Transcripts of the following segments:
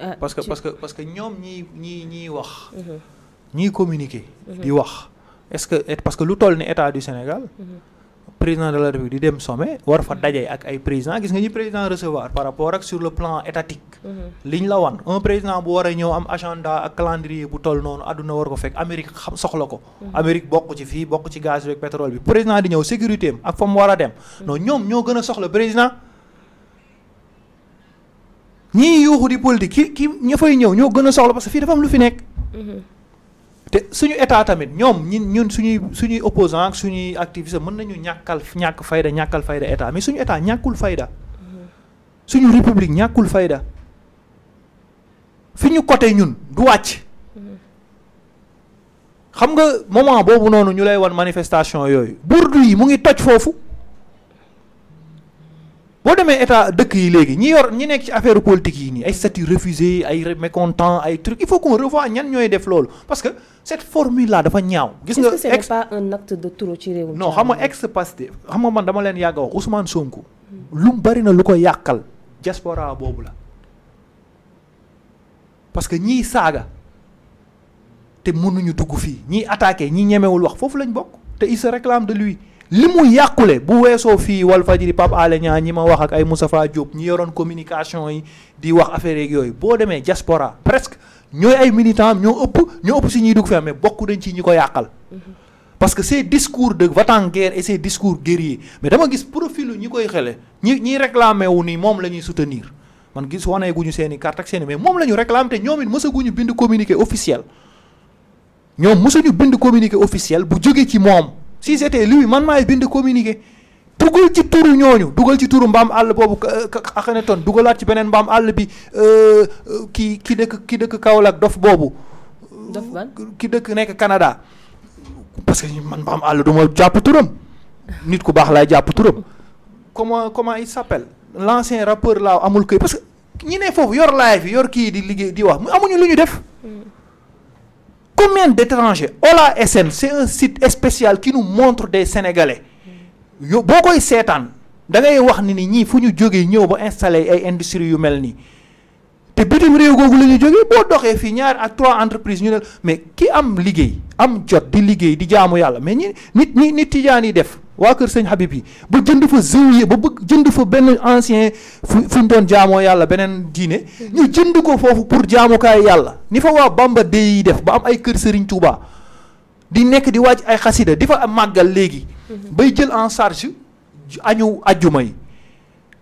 Euh, parce que parce que parce que ñoom ñii ñii ñiy wax. ñiy communiqué di wax est-ce que parce que lu toll ni état du Sénégal. président de la République di dem sommet war fa daje ak ay président gis nga ñi président recevoir par rapport ak sur le plan étatique liñ la wan un président bu war a ñëw am agenda ak calendrier bu toll noonu àdduna war ko fekk Amérique xam soxla ko Amérique bokk ci fii bokk ci gaz bi ak pétrole bi président di ñëw sécurité ak fa mu war a dem non ñoom ñoo gën a soxla président ñii yuuxu di politique ki ki ña fay ñëw ñoo gën a soxla parce que fii dafa am lu fi nekk. Mhm. te suñu état tamit ñoom ñun ñun suñuy suñuy opposant ak suñuy activiste mën nañu ñàkkal ñàkk fayda ñàkkal fayda état mais suñu état ñàkkul fayda. Mhm. suñu république ñàkkul fayda fi ñu côté ñun du wàcc. Mhm. xam nga moment boobu noonu ñu lay wan manifestation yooyu burdu yi mu ngi toj foofu. boo demee état à yi ñi yor ñi ci politique yi ay refusé ay mécontent ay truc il faut qu'on revoie ñan def parce que cette formule là dafa ñaaw. ce que c'est pas un acte de ou non xam ex xam nga man dama Ousmane Sonko. na lu ko diaspora parce que ni saga te ni ñi wax lañ bok, te il se réclame de lui. li mu yàqule bu weesoo fii Walfadjri Pape Alé Niang ñi ma wax ak ay Moustapha Diop ñi yoroon communication yi di wax affaire yeeg yooyu boo demee diaspora presque ñooy ay militants ñoo ëpp ñoo ëpp si ñuy dugg fi mais bokk dañ ci ñi ko yàqal. parce que ces discours de va-t-en-guerre et ces discours guerriers mais dama gis profil ñi koy xele ñi ñiy réclamé wu ni moom la ñuy soutenir man gis wanee guñu seen i carte ak seen i mais moom lañu ñu réclame te ñoom it mësaguñu bind communiqué officiel ñoom mësuñu bind communiqué officiel bu jógee ci moom. si c'était lui man maay bind communiqué dugal ci touru ñooñu dugal ci mbam all bobu boobu eh, ton dugalaat ci benen mbam all bi euh, euh, ki ki dëkk ki dëkk Kaolack dof bobu dof ban ki dëkk nek Canada. parce que man mbam all duma japp jàpp turam. nit ku bax laay japp turam. comment comment il s'appelle l'ancien rappeur là amul keuy parce que ñi ne fofu yor live yor ki di liggéey di wax amuñu luñu def. Mm. Combien d'étrangers Ola SN c'est un site spécial qui nous montre des Sénégalais yo boo koy seetaan da ngay wax ni ni ñii fu ñu jógee ñëw ba installé ay industries yu mel nii te bitim réew googu la ñu jógee boo ñaar ak trois entreprises ñu mais ki am liggéey am jot di liggéey di jaamu yàlla mais ñi nit ñi nit tijaan yi def waa kër sëñ Habib yi ba jënd fa zawiya ba bëgg jënd fa benn ancien fu fu ñu doon jaamoo yàlla beneen diine ñu jënd ko foofu pour jaamukaay yàlla ni fa waa Bamba dey yi def ba am ay kër Serigne Touba di nekk di wàcc ay xasida di fa màggal léegi mhm. bay jël en charge añu ajjuma yi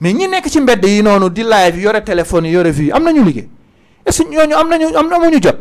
mais ñi nekk ci mbedd yi noonu di live yore téléphone yi yore vie am nañu liggéey est-ce que ñooñu am nañu am amuñu jot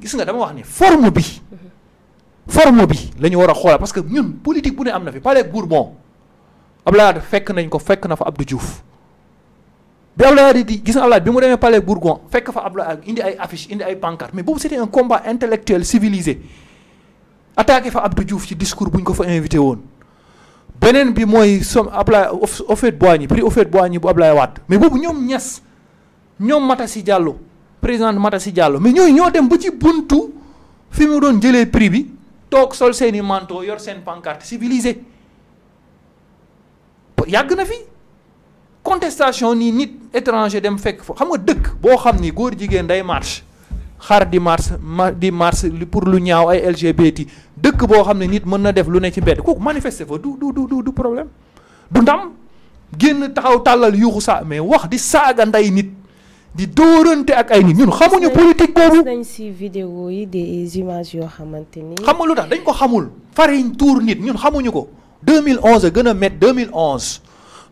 gis nga dama wax ni forme bi mhm. forme bi lañu wara war parce que ñun politique bu ne amna na fi palais Bourbon Abdoulaye fekk nañ ko fekk na fa Abdou Diouf bi Abdoulaye di gis na Abdoulaye bi mu demee palais Bourbon fekk fa Abdoulaye indi ay affiche indi ay pancarte mais bobu c'était un combat intellectuel civilisé attaquer fa Abdou Diouf ci discours buñ ko fa invité won benen bi moy som Abdoulaye fait Boigny au fait Boigny bu Abdoulaye wat mais ñom ñess ñom mata Matassi Diallo président Matassi Diallo mais ñoy ñoo dem bu ci buntu fi mu doon jëlé prix bi tok sol seeni manto yor sen pancarte civilisé yag na fi contestation ni nit étranger dem fek xam nga deuk bo xam ni góor day marche xar di marche di marche pour lu ñaaw ay LGBT deuk bo xam nit meun na def lu ne ci mbedd ko manifester fa du du du du problème du ndam genn taxaw talal yuxu sa mais wax di saga nday nit di dóorante ak ay nit ñun xamuñu politique boobu. nañ si vidéo yi des images yoo xamante ni. tax dañ ko xamul. fariñ tuur nit ñun xamuñu ko. deux 2011 a gën a mille 2011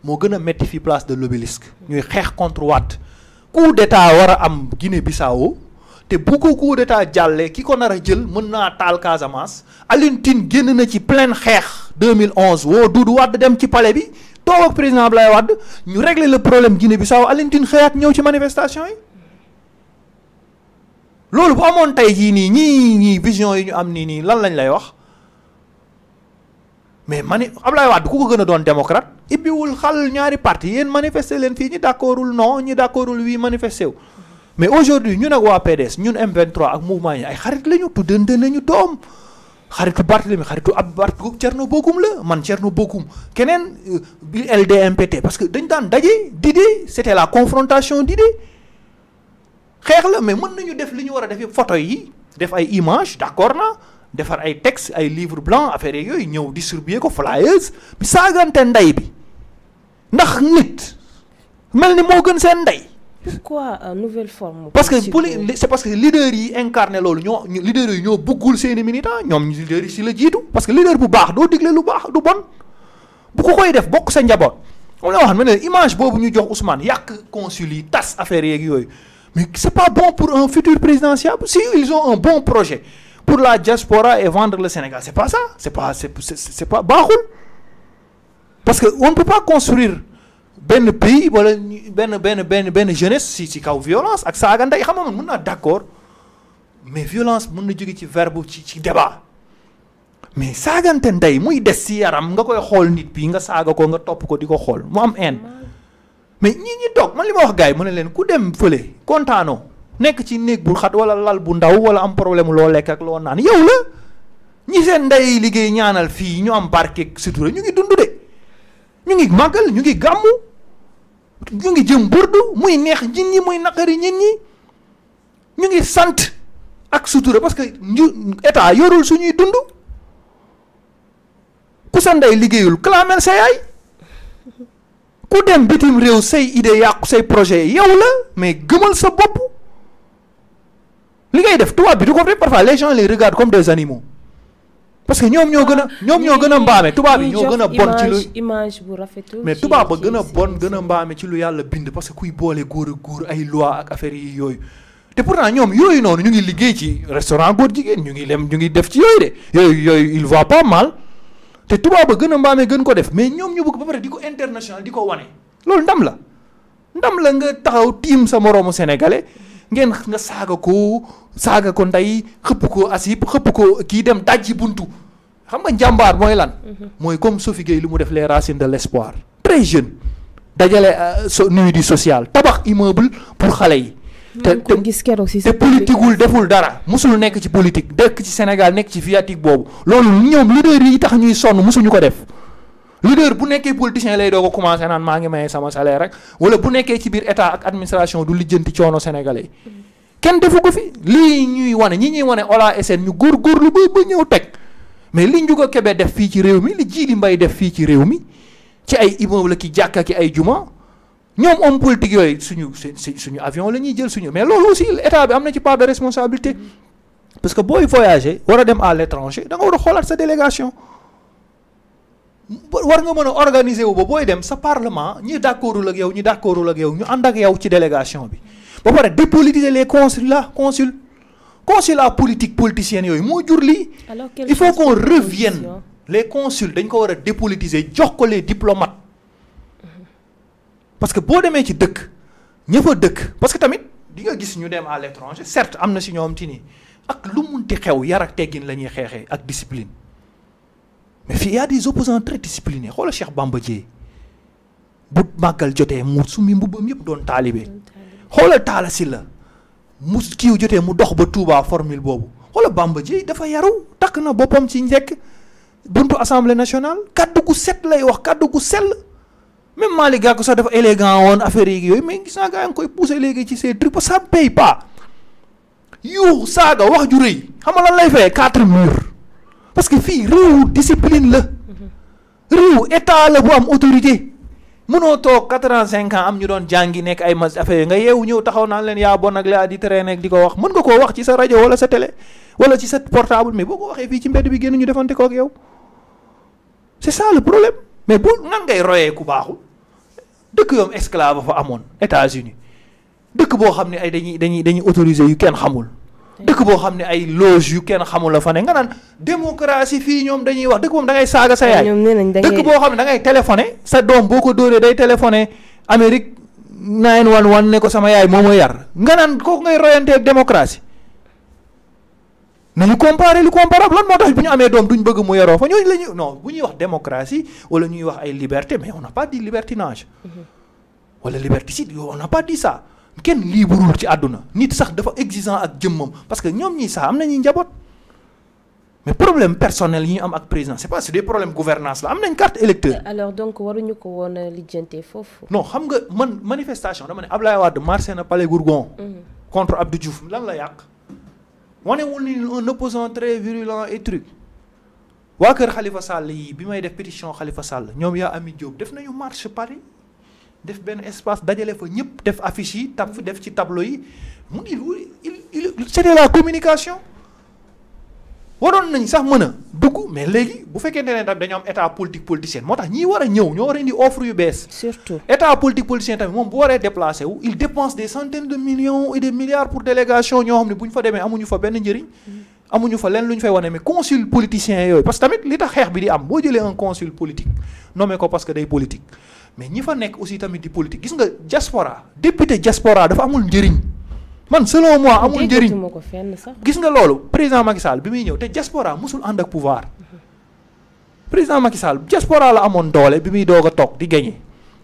moo gën a métti fi place de l'obélisque ñuy xeex contre Wade coup d'état war a am Guinée Bissau te bu ko coup d'état jàllee ki ko nar a jël mën naa taal Casamance Alioune Tine génn na ci plein xeex mille 2011 woo Doudou Wade dem ci pale bi toog ak président Ablaye Wade ñu régler le problème Guinée-Bissau Alioune Tine xëyaat ñëw ci manifestation yi loolu bu amoon tey jii nii ñii ñii vision yi ñu am nii nii lan lañ lay wax mais mani Ablaye Wade ku ko gën a doon démocrate ibbiwul xal ñaari parti yéen manifester leen fii ñi d'accordul non ñi d'accordul wii manifester wu mais aujourd'hui ñun ak waa PDS ñun M23 ak mouvement yi ay xarit lañu tuddante ñu doom xaritu Barthélemy xaritu ab Bart Thierno Bocoum la man Thierno Bocoum keneen euh, bi LDMPT parce que dañ daan daje d'idée c'était la confrontation d'idée xeex la mais mën nañu def li ñu war a def photo yi def ay images d'accord na defar ay textes ay livres blancs affaire yooyu ñëw distribuer ko flyers bi saagante nday bi ndax nit mel ni moo gën seen ndey pourquoi une nouvelle forme. parce que pour c'est parce que leader yi incarnent loolu ñoo leader yi ñoo bëggul seeni militants ñoom leader yi le la tout parce que leader bu baax do digle lu baax du bon bu ko koy def bokk sa njaboot. on a une ma image boobu ñu jox Ousmane il a yi tas affaire yeeg yooyu mais c'est pas bon pour un futur présidentiel. si ils ont un bon projet pour la diaspora et vendre le Sénégal c'est pas ça c'est pas c'est c'est pas baaxul parce que on ne peut pas construire. ben pi wala ben ben ben ben jeunesse si si kaw violence ak saaga ndey xam nga mën d'accord mais violence mën jogi ci verbe ci ci débat mais saagante nday muy dess ci yaram nga koy xol nit bi nga saga ko nga top ko diko xol mu am haine mais ñi ñi toog man li wax gars yi mu ne leen ku dem feulé contano nek ci neeg bu xat wala lal bu ndaw wala am problème lo lek ak lo nan yow la ñi sen nday liggey ñaanal fi ñu am barke sutura ñu ngi dund de ñu ngi magal ñu ngi gamu ñu ngi jëm burdu muy neex jinn ñi muy naqari ñin ñi ñu ngi sant ak sutura parce que état yorul suñuy dund ku sa ndey liggéeyul clamel sa ay ku dem bitim réew say idée yàqu say projet yow la mais gëmal sa bopp li ngay def tubaab bi du ko def parfois les gens les regardent comme des animaux parce que ñoom ñoo gën a ah, ñoo gën a mbaame tubaab ñoo gën a ci lu mais tubaab ba gën a bon gën ci lu yàlla bind parce que kuy boole góor ak góor ay loi ak affaire yi yooyu te pourtant ñoom yooyu noonu ñu ngi liggéey ci restaurant góor Nous ñu ngi lem ñu ngi def ci yooyu de yooyu yooyu il voit pas mal te tubaab ba gën a gën ko def mais ñoom ñu bëgg ba pare di international di ko ndam la sénégalais ngeen nga saaga ko saaga ko ndey xëpp ko asib xëpp ko kii dem dajji buntu xam nga njàmbaar mooy lan. Mhm. mooy comme Sophie Gueye lu mu def les racines de l'espoir très jeune dajale euh, so nuyu di social tabax immeuble pour xale yi. te te politiqueul deful dara musul nekk ci politique dëkk ci Sénégal nekk ci viatique boobu loolu ñoom leader yi tax ñuy sonn musuñu ko def. leader bu nekkee politicien lay doo ko commencé naan maa ngi maye sama salaire rek wala bu nekkee ci biir état ak administration du lijjanti coono sénégalais kenn defu ko fi li ñuy wane ñi ñuy wane Ola SN ñu góor góorgóorlu ba ba ñëw teg mais li Ndiouga kebe def fii ci réew mi li Djily mbay def fii ci réew mi ci ay immeuble ki jàkka ki ay juma ñoom homme politique yooyu suñu suñu avion la ñuy jël suñu mais loolu si état bi am na ci part de responsabilité mm. parce que booy voyager war a dem à l'étranger da nga xoolaat sa délégation. war nga mëna organiser wu bo boy dem sa parlement ñi d'accordu lak yow ñi d'accordu lak yow ñu and ak yow ci délégation bi ba paré dépolitiser les consuls là consul consulat politique politicien yoy mo jur li il faut qu'on revienne les consuls dañ ko wara dépolitiser jox ko les diplomates parce que bo démé ci dëkk ñëpp a dëkk parce que tamit di nga gis ñu dem à l'étranger certes amna ci ñom tini ak lu munti xew yar ak téguin lañuy xexé ak discipline mais il y a des opposants très disciplinés xoola Cheikh Bamba Dièye bu magal jotee mu summi mbubbam yëpp doon taalibe xoola Talla Sylla mu ki jotee mu dox ba Touba formule bobu xoola Bamba Dièye dafa yarou tak na boppam ci ñek buntu assemblée nationale kaddu gu set lay wax kaddu gu sel même ga Gakou sa dafa élégant won affaire yi yoy mais gis naa gaa ngi koy poussé léegi ci ses trucs ça paye pas yu saga wax ju reuy xam nga lan lay fay quatre murs parce que fii réewu discipline la réew état la bu am autorité mënoo toog quatre-vingt-cinq ans am ñu doon jàngi nekk ay mas affaire nga yeewu ñëw taxaw naa leen yaa bon ak laa di traîner ak di ko wax mën nga koo wax ci sa rajo wala sa télé wala ci sa portable mais boo ko waxee fii ci mbedd bi génn ñu defante ko ak yow c'est ça le problème mais bu nan ngay royee ku baaxul dëkk yoom esclave fa amoon États-Unis dëkk boo xam ne ay dañuy dañuy dañuy autoriser yu kenn xamul dëkk boo xam ne ay loge yu kenn xamul la fa ne nga naan démocratie fii ñoom dañuy wax dëkk moom da ngay saaga sa yaay dëkk boo xam ne dangay téléphone téléphoné sa doom boo ko dóoree day téléphoné Amérique 911 ne ko sama yaay moo ma yar nga naan kooku ngay royante ak démocratie nañu comparé lu comparable lan moo tax bu ñu amee doom duñu bëgg mu yaroo fa ñooñu la ñu bu ñuy wax démocratie wala ñuy wax ay liberté mais on n'a pas dit libertinage mm-hmm. wala liberticide on n'a pas dit ça kenn liiburul ci aduna nit sax dafa exigeant ak parce que ñom ñi sax am ça. mais problème personnel yi ñu am ak président pas des problèmes gouvernance la am une carte électeur alors donc ñu ko fofu non xam nga man manifestation dama ne Ablaye Wade Palais Gourgon. Mhm. contre Abdou Diouf la wul ni opposant très virulent et truc Walker Khalifa Sall yi bi may def pétition Khalifa Sall ñom ya Ami Diop def nañu marche Paris def ben espace dajale fa ñëpp def affiche yi taf def ci tableau yi mu ngi il il c'était la communication waron nañ sax mëna a dugg mais légui bu fekkente ne tamit dañu am état politique politicien motax ñi wara ñëw ñoo war indi offre yu bees. surtout état politique politicien tamit mom bu waree déplacer wu. il dépense des centaines de millions et des milliards pour délégation ñoo xamni buñ fa démé amuñu fa benn njëriñ. Mm. Il fa lenn lu fay consul politicien parce que tamit li tax xeex bi di am un consul politique nommé ko parce que day politique mais ñi fa nekk aussi tamit di politique gis nga diaspora député diaspora dafa amul njëriñ man selon moi amul njëriñ gis nga loolu président Macky Sall bi muy ñëw te diaspora musul ànd ak pouvoir mhm. président Macky Sall diaspora la amoon doole bi muy a gagné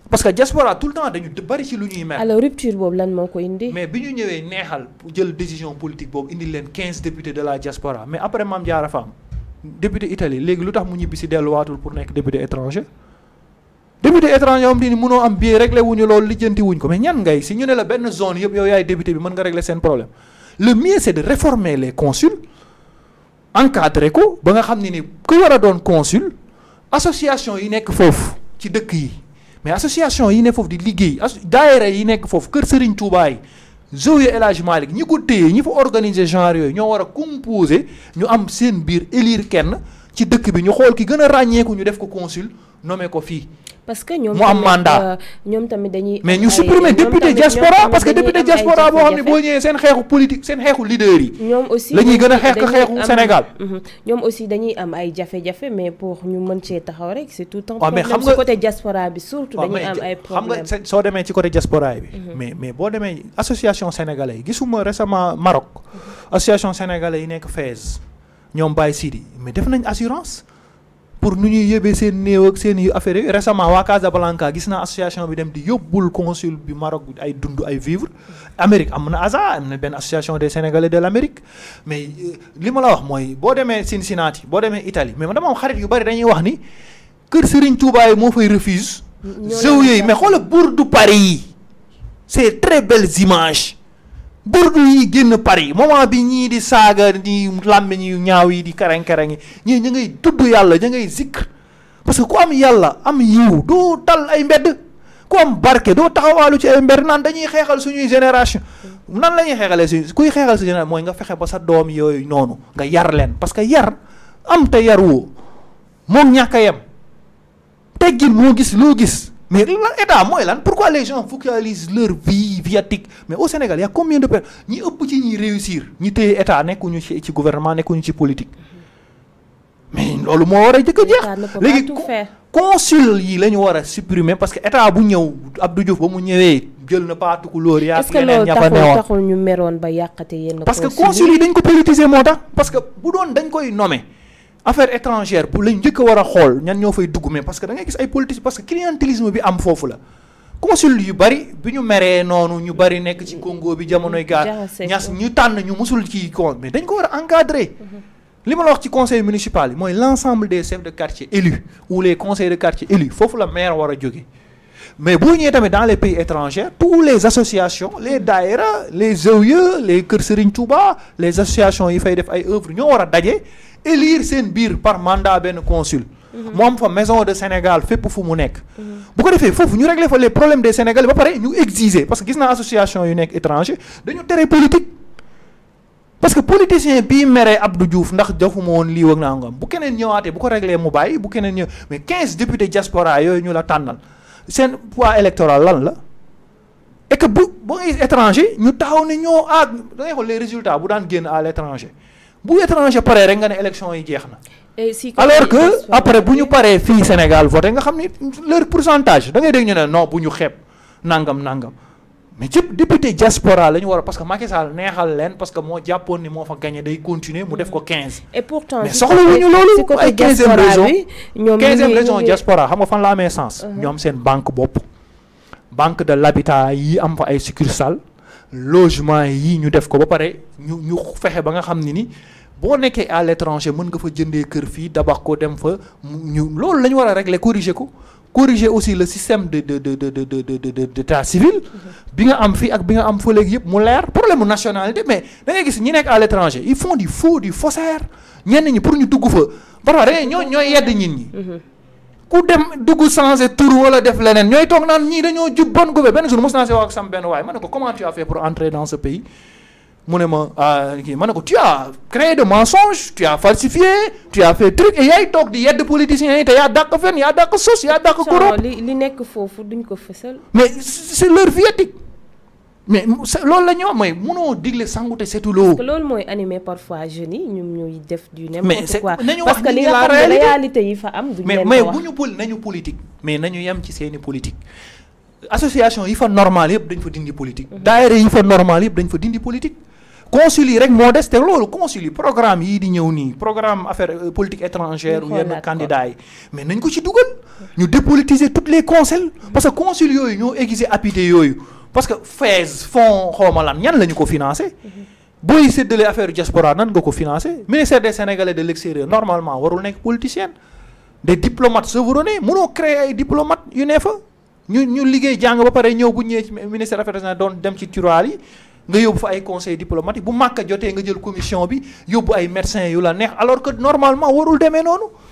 parce que diaspora tout le temps dañu bari ci lu ñuy mer. alors rupture bobu lan moko indi. mais biñu ñëwé ñëwee neexal jël décision politique bobu indi leen quinze députés de la diaspora mais après mam Diarra Fam député Italie légui lutax tax mu ñibbi si watul pour nekk député étranger. député étranger am ni mëno am biir régler wuñu loolu lijjanti wuñ ko mais ñan ngay si ñu né la benn zone yëpp yow yaay député bi mën nga réglé problème le mieux c'est de réformer les consuls encadrer ko ba nga xam ni ku wara doon consul association yi nekk fofu ci dëkk yi. mais association yi ne foofu di liggéey as daayira yi nekk foofu kër Serigne Touba yi élagement El ñi ko téye ñi fa organiser genre yooyu ñoo war a composer ñu am seen biir élire kenn. ci dëkk bi ñu xool ki gën a ràññeeku ñu def ko consul nommé ko fii. parce que ñoom mu am mandat euh, ñoom tamit dañuy. mais ñu supprimer député diaspora parce que député diaspora boo xam ne boo ñëwee seen xeexu politique seen xeexu leader yi. ñoom aussi la ñuy gën a xeex xeexu Sénégal. Mhm. ñoom aussi dañuy am ay jafe-jafe mais pour ñu mën cee taxaw rek c'est tout le temps. Ah, problème xam nga côté diaspora bi surtout ah, dañuy am ay problème xam nga soo demee ci côté diaspora bi. Mhm. mais mais boo demee association sénégalais yi gisuma récemment Maroc. Mhm. association sénégalais yi nekk Fès ñoom mais def assurance pour nu ñuy seen ak affaire récemment Casablanca gis association bi dem di consul bi Maroc ay ay Amérique ASA association des Sénégalais de l'Amérique mais euh, li wax mooy Cincinnati boo demee Italie mais dama am xarit yu bari dañuy wax ni kër Serigne Touba yi fay refuse. ñoo yooyu mais bourg de Paris c'est très belles images. burdu yi genn pari moment bi ñii di saaga di lamme ñi ñaaw yi di karang karang yi ñii ñu ngay dubb yàlla ñu ngay zik parce que ku am yàlla am yiw doo tal ay mbedd ku am barke doo taxawaalu ci ay mbedd naan dañuy xeexal suñuy génération nan lañuy ñuy suñu kuy xeexal suñu moy nga fexé ba sa doom yoy nonu nga yar len parce que yar am te yar woo mo ñaka yam yem teggin gis lo gis Mais pourquoi les gens focalisent leur vie viatique Mais au Sénégal, il y a combien de personnes Ni réussir, ni l'État, ni le gouvernement, ni la politique. Mais le ce que dire. Les supprimer parce que l'État, Abdou Diouf, l'État na paatu ku que parce que consul yi dañ ko parce que bu doon dañ koy affaire étrangère pour les njëkk a war a ñan ñoo fay dugg mais parce que da ngay gis ay politiciens parce que clientélisme bi am fofu la consul yu bari bi ñu méré nonu ñu bari nek ci Congo bi jamonoy ga ñass ñu tànn ñu musul ci kon mais dañ ko wara a encadrer mhm. li la wax ci conseil municipal moy l'ensemble des chefs de quartier élus ou les conseils de quartier élus fofu la maire wara joggé mais si vous êtes dans les pays étrangers tous les associations les daïra les OIE, les kër Touba les associations yi fay def ay œuvres ñoo élire sen bir par mandat de consul. moi mhm. am la maison de Sénégal je fu mu nekk. Mhm. bu ko régler les problèmes des Sénégalais ba pare nous exiger parce que gis une association yu nous étranger politique. parce que les politiciens meree Abdou Diouf ndax nous woon lii wëg ngam bu keneen ñëwaatee bu ko réglé mu mais 15 députés diaspora ils nous la seen poids électoral lan la et bu bu bu étranger ñu taxaw ni ñoo ah da ngay xool les bu daan génn à l' étranger bu étranger paree rek nga ne élection yi jeex na. alors que après bu ñu paree fii Sénégal voté nga xam ni leur pourcentage da ngay dégg ñu ne non bu ñu xeeb nangam nangam. mais cëpp député diaspora lañu wara parce que Macky Sall neexal len parce que mo japon ni mo fa gagner day continuer mu def ko 15. et pourtant mais soxla wuñu loolu ay 15e région 15e région diaspora xam nga fan la amee sens. Uh-huh. ñoom sen banque bop banque de l'habitat yi am fa ay succursale logement yi ñu def ko ba paré ñu ñu fexé ba nga xam ne ni bo nekkee à l'étranger mën nga fa jëndé kër fi dabax ko dem fa ñu loolu la ñu régler corriger ko corriger aussi le système de de de de de de de de d'état civil bi am fi ak bi nga am mu problème nationalité mais da ngay gis ñi nek à l'étranger ils font du faux du faussaire ñi pour ñu dugg fa parfois ñoy yedd ñi ku dem dugg sont tour wala def leneen ñoy tok naan jour comment tu as fait pour entrer dans ce pays ah, tu as créé de mensonges, tu as falsifié tu as fait truc et il y a des politiciens il y a des fen il y a des mais c'est leur vie. mais dire ce animé parfois du n'importe quoi parce que réalité mais nous sommes politiques, politique mais nous politique association il faut normal il faut fa politique mhm. D'ailleurs, il faut normal politique consulier rek moo des te loolu consul yi programme yii di ñëw nii programme affaire euh, politique étrangère u yenn candidats yi mais nañ ko ci dugal ñu dépolitiser toutes les conseils parce que consul yooyu ñoo aiguiser apité yooyu parce que FAISE fonds xawma lan ñan lañu ñu ko financé booy séddale affaire diaspora nan nga ko financer ministère des sénégalais de l'extérieur normalement warul nekk politicien des diplomates chevronnés mënoo créer ay diplomates yu ne fa ñu ñu liggéey jàng ba pare ñëw bu ñëwee ci ministère affaires étrangères doon dem ci tiroir yi nga avez fa ay conseil diplomatique bu avez joté nga jël commission bi avez ay médecins yu la neex alors que normalement warul démé nonou